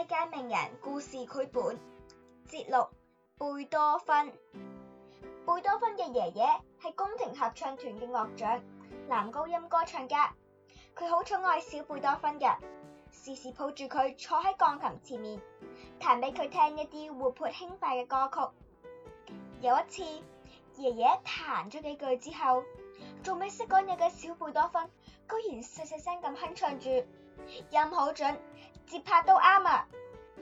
世界名人故事繪本節錄：貝多芬。貝多芬嘅爺爺係宮廷合唱團嘅樂長，男高音歌唱家。佢好寵愛小貝多芬嘅，時時抱住佢坐喺鋼琴前面，彈俾佢聽一啲活潑輕快嘅歌曲。有一次，爺爺彈咗幾句之後，仲未識講嘢嘅小貝多芬，居然細細聲咁哼唱住，音好準。節拍都啱啊！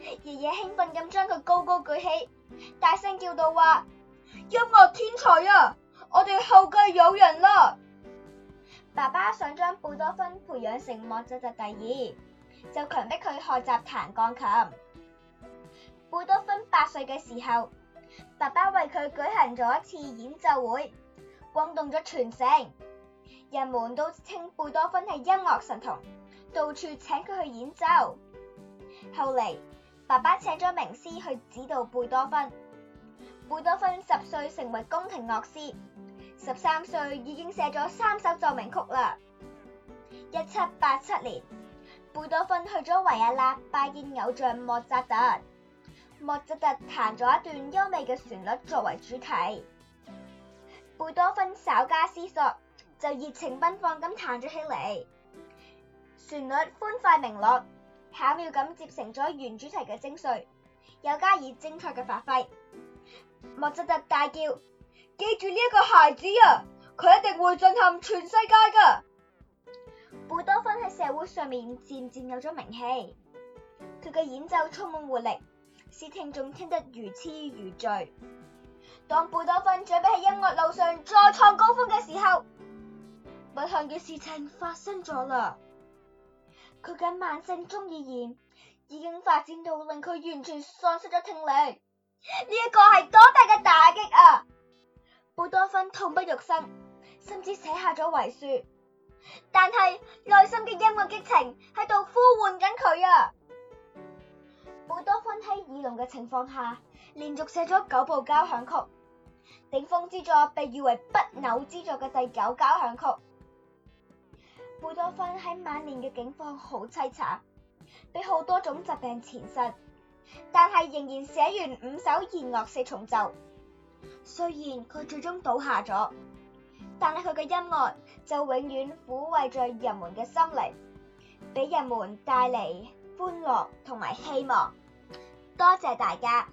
爺爺興奮咁將佢高高舉起，大聲叫道：話音樂天才啊！我哋後繼有人啦！爸爸想將貝多芬培養成莫扎特第二，就強迫佢學習彈鋼琴。貝多芬八歲嘅時候，爸爸為佢舉行咗一次演奏會，轟動咗全城，人們都稱貝多芬係音樂神童，到處請佢去演奏。後嚟，爸爸請咗名師去指導貝多芬。貝多芬十歲成為宮廷樂師，十三歲已經寫咗三首奏鳴曲啦。一七八七年，貝多芬去咗維也納拜見偶像莫扎特。莫扎特彈咗一段優美嘅旋律作為主題，貝多芬稍加思索，就熱情奔放咁彈咗起嚟。旋律歡快明朗，巧妙咁接成咗原主題嘅精髓，又加以精彩嘅發揮。莫扎特大叫：記住呢一個孩子啊，佢一定會震撼全世界噶！貝多芬喺社會上面漸漸有咗名氣，佢嘅演奏充滿活力，使聽眾聽得如痴如醉。當貝多芬準備喺音樂路上再創高峰嘅時候，不幸嘅事情發生咗啦！佢嘅慢性中耳炎已經發展到令佢完全喪失咗聽力，呢一個係多大嘅打擊啊！貝多芬痛不欲生，甚至寫下咗遺書，但係內心嘅音樂激情喺度呼喚緊佢啊！貝多芬喺耳聾嘅情況下，連續寫咗九部交響曲，頂峰之作被譽為不朽之作嘅第九交響曲。貝多芬喺晚年嘅境況好淒慘，俾好多種疾病纏身，但係仍然寫完五首弦樂四重奏。雖然佢最終倒下咗，但係佢嘅音樂就永遠撫慰着人們嘅心靈，俾人們帶嚟歡樂同埋希望。多謝大家。